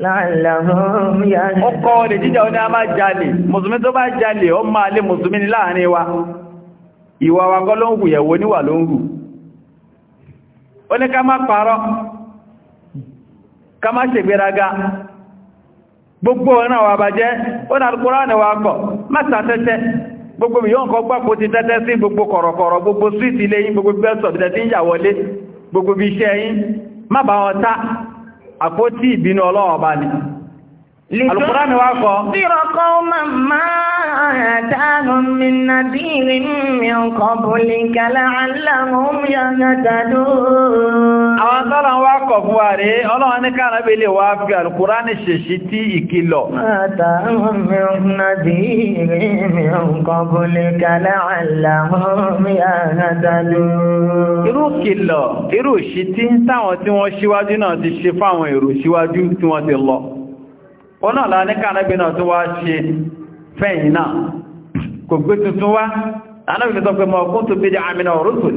Ọkọ̀ olè jíjà oní a máa jalè, Mùsùlùmí tó bá jalè, ó máa le Mùsùlùmí ní láàrin wa. Ìwà wa kọ́ ló ń hù yẹ̀wò níwà ló ń hù. Ó ní ká má parọ́, ká má gbogbo ó gbogbo ti tẹ́tẹ́ sí gbogbo gbogbo àpótí ìbínú ọlọ́wọ̀ bá ní alùkùránì wá kọ́ dírọ̀kọ́ màmá àdánù mìnà dìrì mìíràn kọ́ bọ̀lì kàlà aláhùn yánà dàdó àwọn tọ́lọ̀ wá fún wa rí ọlọ́run ní káàrẹ́bẹ̀ lè wá fi alkùránì ṣèṣì tí ìkìlọ̀. irú kìlọ̀ irú ṣì tí ń táwọn tí wọ́n ṣíwájú náà ti ṣe fáwọn èrò ṣíwájú tí wọ́n ti lọ ọ̀nà là ní káàrẹ́bẹ̀ náà tó wá ṣe fẹ́yìn náà kò gbé tuntun wá anábìlẹ̀ sọ pé mọ̀ kún tó bí jẹ́ àmìnà òrùsùn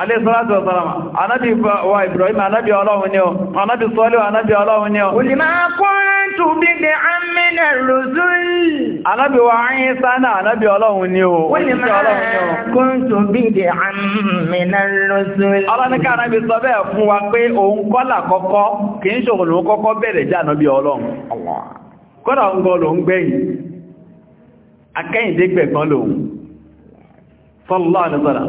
Àlésọ́láti ọ̀sọ́lámà, ànábì wa Ibrahim, ànábì ọlọ́run ni ọ, ànábì sọ́lẹ̀ ànábì ọlọ́run ni ọ. Olùmá kọ́rẹ́ntù bíbẹ̀ àmìnà rùsùlì. wa ni àmìnà rùsùlì. Ọlọ́nikà sọ wa pé òun kọ́là Sallallahu alaihi wasallam.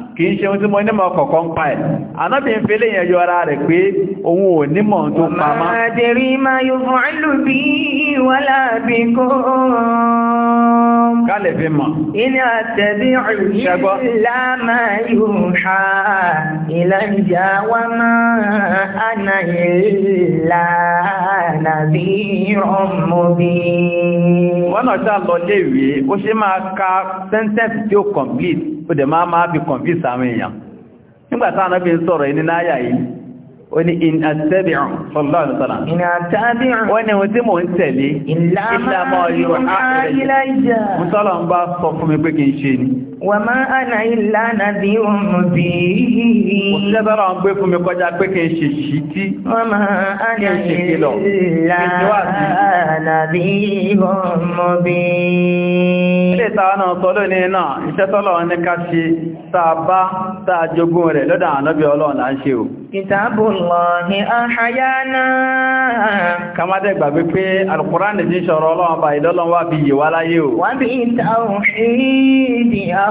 kì í ṣe ohun tí mo nímọ̀ kọ̀kọ́ ń pa ẹ̀. Ànábì ń fi lè yẹn yọ ara rẹ̀ pé òun ò nímọ̀ tó pa má. Àdèrí máa yóò fún ìlú bí wà láàbí kó. Kálẹ̀ fi mọ̀. Iná àtẹ̀bí ìlàmà yóò ha ìlànjà wà máa àná ìlà nàbí máa ka sẹ́ńtẹ́ǹsì tí ó complete, ó dẹ̀ máa máa àwọn èèyàn nígbàtá ànábì ń sọ̀rọ̀ yìí nínú àyà yìí ó ní in àtẹ́bìrún sallallahu alaihi wasallam in àtẹ́bìrún wọ́n ni tí mò ń tẹ̀lé ìlàmọ́ wàmá àná ìlà nàbí òmùbí. òṣèbára ń gbé fún mi kọjá pé kí n ṣe ṣì tí. na àná ìlà nàbí òmùbí. ilé ìtawà náà sọ lónìí náà iṣẹ́ tọ́lọ̀ ní ká ṣe tàbá tàjogún rẹ̀ lọ́dọ̀ ànábì ọlọ́run là ṣe o. kìtàbù lọ́ọ̀hì àhàyánà. kàmádé gbàgbé pé alukóran ní ti ń sọ̀rọ̀ ọlọ́run bá ìlọ́lọ́run bí yìí wá láyé o. wá bí ìtàwọn ṣe é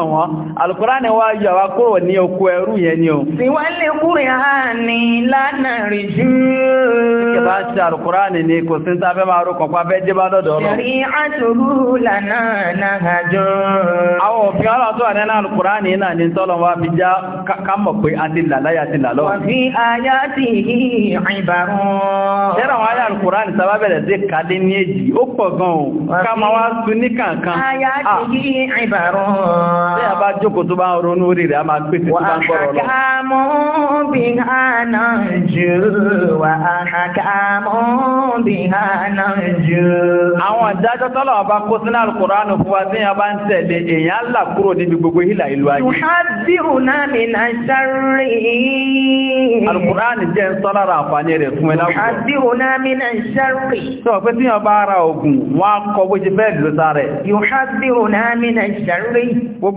kàn wọ́n alùkùránì wá yà wá kúrò ní oko ẹrú yẹn ni o sí kúrì á lánà rí jù ìkẹta ṣe alùkùránì ni kò sí sáfẹ́ máa rú kọ̀pá fẹ́ dé bá dọ́dọ̀ lọ ṣẹ̀rí àtúrú lànà náà jọ àwọn òfin ọlọ́tọ̀ rẹ̀ náà alùkùránì náà ni tọ́lọ wá fi já kámọ̀ pé a ti làláyà ti làlọ́ wọ́n fi ayá ti hí ìbàrún ìbàrún Bí a bá jókòó tó bá ń ronú orí rẹ̀, a máa pèsè tó bá ń gbọ́rọ̀ lọ. Wà á kàmú bí hànà jù, wà á kàmú bí hànà jù. Àwọn ìdájọ́ tọ́lọ̀ ọba kó sínú Alukùránù fún wa tí a bá ń tẹ̀lé èèyàn là kúrò níbi gbogbo hílà ìlú ayé. Tùhábìrù náà mi náà sáré. Alukùránù jẹ́ ń sọ́lá ra rẹ̀ fún ẹ láwùjọ. Tùhábìrù mi náà sáré.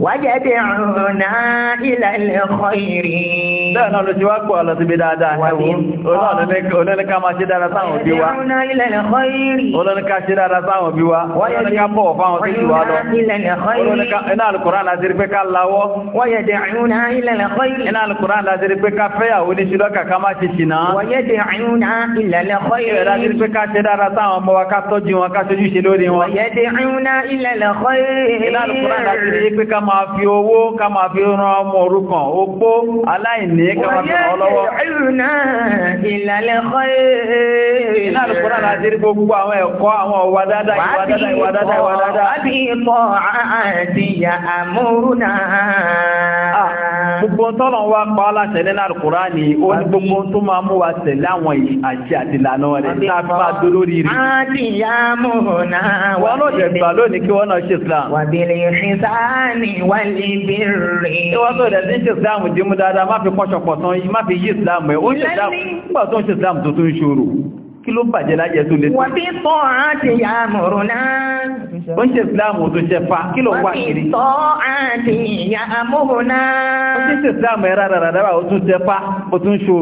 wajad'una ila al-khayri. bẹ́ẹ̀ náà ló ti wá pọ̀ lọ síbi dáadáa ẹ̀wọ̀n olóníká máa ṣe dára sáwọn òbí wa olóníká ṣe dára sáwọn òbí wa olóníká bọ̀ fáwọn tó jù wá lọ olóníká iná alukura láti rí pé ká lawọ́ wajad'una ila al-khayri. iná alukura láti rí pé ká fẹ́yàwó ní ma fi owó ká ma fi ran ọmọ òrukàn opó aláìní ká máa fi ọlọ́wọ́. lọ́wọ́ iná gbogbo àwọn àwọn gbogbo tó máa wa tẹ̀lé àwọn àti rẹ̀ ní dolórí rí. wọ́n wàlíbìrì. Ìwọ́n tó rẹ̀ sí ń ṣe ìsìláàmù jí mú dáadáa, má fi pọ́ṣọpọ̀ tán, má fi yí ìsìláàmù ẹ̀. Ó ń ṣe ìsìláàmù tó tún ṣòro kí ló bàjẹ́ láyé tó lé tó. wọ́n fi tọ́ àti ya mọ̀rún náà. ó ń ṣe ìsìláàmù tó jẹ fa kí ló wà kiri. wọ́n fi tọ́ àti ya mọ̀rún náà. ó ti ṣe ìsìláàmù ẹ̀rọ àràràrà ó tún jẹ fa ó tún ń ṣe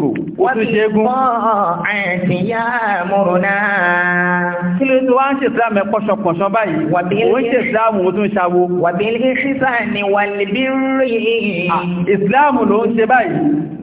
báyìí.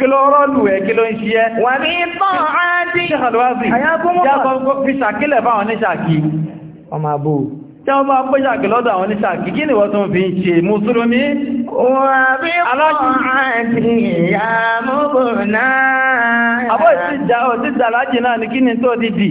kí ló rọ́lù ẹ̀ kí ló ń ṣe ẹ́ wà ní tán áádí ṣàlùwázì jábọ̀ fi ṣàkílẹ̀ fáwọn oníṣàkí ọmọ abó jábọ̀ bá pé ṣàkí lọ́dọ̀ àwọn oníṣàkí kí ni wọ́n tún fi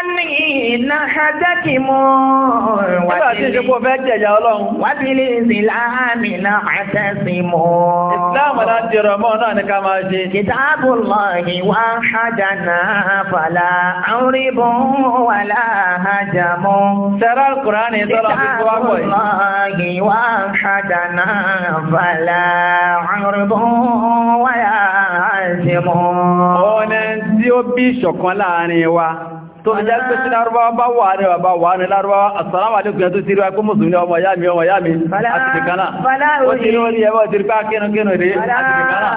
nàhájákì mọ́ wábìlì ìsìláàmì náà àtẹ́sì mọ́. ìsìláàmù náà ti rọ̀ mọ́ náà ní ká máa ṣe. kìtàbù lọ́ọ̀hì wá hájà náà fàlà àríbù wà láhájà mọ́. sẹ́rà kùránì tọ́lọ̀ fi kó wá pọ̀ yìí. kìtàbù lọ́ọ̀hì wá hájà náà fàlà àríbù wà láhájà mọ́ tó fi jẹ́ pé tí lárúbáwá bá wà ní bàbá wà ní lárúbáwá assalamu alaikum yẹn tó ti rí wá kó mùsùlùmí ọmọ ìyá mi ọmọ ìyá mi àti kìkaná ó ti rí wọ́n ní ẹwọ́ ti rí pá kínúkínú rí àti kìkaná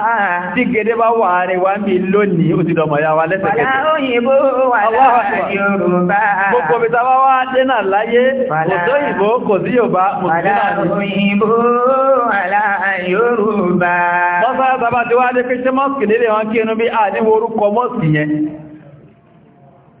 tí gẹ́dé bá wà ní wá mi lónìí ó ti dọmọ ìyá wa lẹ́sẹ̀kẹ́sẹ̀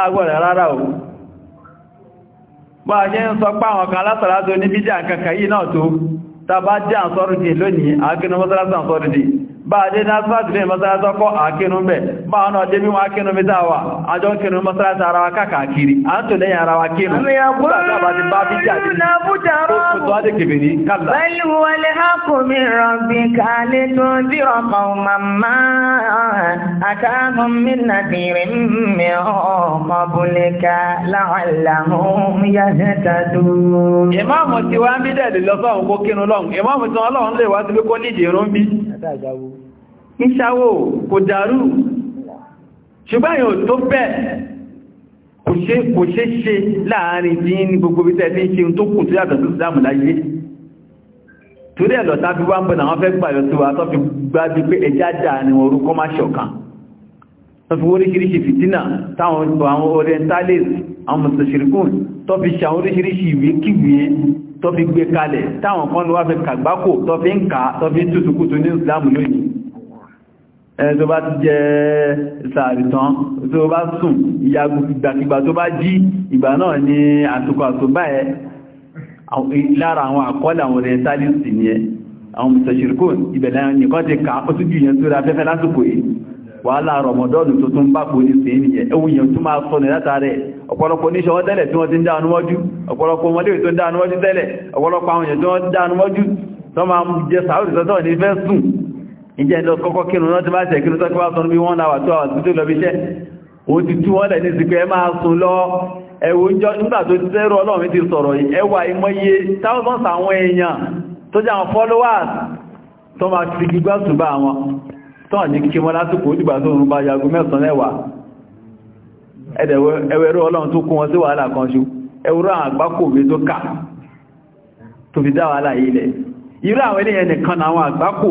agbọ́rẹ̀ rárá o bá ṣe ń sọ pá àwọn kan látàrá tó ní bídí àkàkà yìí náà tó tàbá jẹ́ àǹsọ́rùdì lónìí àkínú àǹsọ́rùdì bá a dé nasfat lè masáyásá kọ́ àkínú bẹ̀ bá a náà débí wọn dáwà àjọ kínú masáyásá ara wa káàkiri a ń tò lẹ́yìn ara wa kínú Ìmáàmù tí wá ń bí dẹ̀ lọ́sọ́ òun kínú lọ́hùn. Ìmáàmù tí wọ́n lọ́hùn lè wá sí pé kó níjì ìrún bí ìṣàwò kò dàrú ṣùgbọ́n yóò tó bẹ́ẹ̀ kò ṣe ṣe láàrin tí ní gbogbo bí tẹ́lẹ̀ ṣe tó kù tó yàtọ̀ tó dámù láyé torí ẹ̀lọ́ta fi wá ń bọ̀ náà fẹ́ gbàyọ̀ sí wa tó fi gbájú pé ẹjá dáa ni orúkọ má ṣọ̀kan tó fi oríṣiríṣi fìtínà táwọn àwọn orientalist àwọn mùsùlùmí tó fi ṣe àwọn oríṣiríṣi ìwé kíwèé tó fi gbé kalẹ̀ táwọn kan ló wá fi kàgbákò ẹni tó bá ti jẹ sàrìtàn tó bá sùn ìyàgò ìgbàkígbà tó bá jí ìgbà náà ni àtùkọ̀ àtùbá ẹ lára àwọn àkọọ́lẹ̀ àwọn orientalist ni ẹ àwọn mùsàṣìrìkò ìbẹ̀lẹ̀ nìkan ti kà ó tún jù yẹn tó ra fẹ́fẹ́ lásìkò yìí wàhálà rọmọdọ́nù tó tún bá kò ní sí ènìyàn ẹwùn yẹn tó máa sọ́nà látàrí ọ̀pọ̀lọpọ̀ oníṣọ́wọ́ tẹ́lẹ̀ tí wọ́n ti ń dá anúmọ́jú ọ̀pọ̀lọpọ̀ ọmọdé tó ń dá anúmọ́jú tẹ́lẹ̀ ọ̀pọ̀lọpọ̀ àwọn èèyàn tó ń dá anúmọ́jú tó máa jẹ sàárì sọ́tọ̀ ní fẹ́ sùn ìjẹ́ lọ kọ́kọ́ kírun náà tí bá ṣẹ̀ kírun tọ́kí bá sọ bí wọ́n náà tó àwọn tó lọ bí iṣẹ́ o ti tú wọ́n lẹ̀ ní ìsìnkú ẹ máa sùn lọ ẹ̀wọ̀ ìjọ nígbà tó ti followers tó máa ti gbígbá sùn bá wọn tó wà ní kí wọ́n lásìkò ìdìgbà tó ń bá yagun mẹ́sàn-án ẹwà ẹwẹ̀rọ ọlọ́run tó kún wọn sí wàhálà kan ṣu ẹwúrọ àwọn àgbákòwé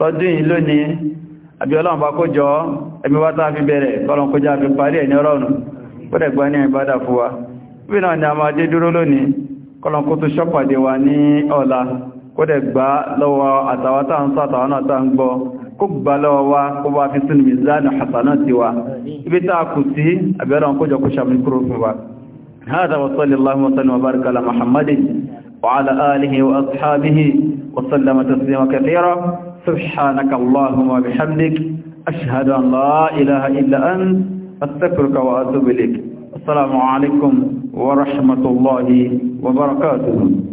tọdún yìí lónìí àbí ọlọ́run bá kó jọ ẹ̀mí wá tá fi bẹ̀rẹ̀ kọlọ̀n kó já fi parí ẹ̀ ní ọlọ́run gbọ́dẹ̀ gbọ́ ní ìbádà fún wa bí náà ni a máa dé dúró lónìí kọlọ̀n kó tó ṣọ́pàdé wa ní ọ̀la kódẹ̀ gbá lọ́wọ́ àtàwátà ń sọ هذا وصلى الله وسلم وبارك على محمد وعلى آله وأصحابه وسلم تسليما كثيرا سبحانك اللهم وبحمدك أشهد أن لا إله إلا أنت أستغفرك وأتوب إليك السلام عليكم ورحمة الله وبركاته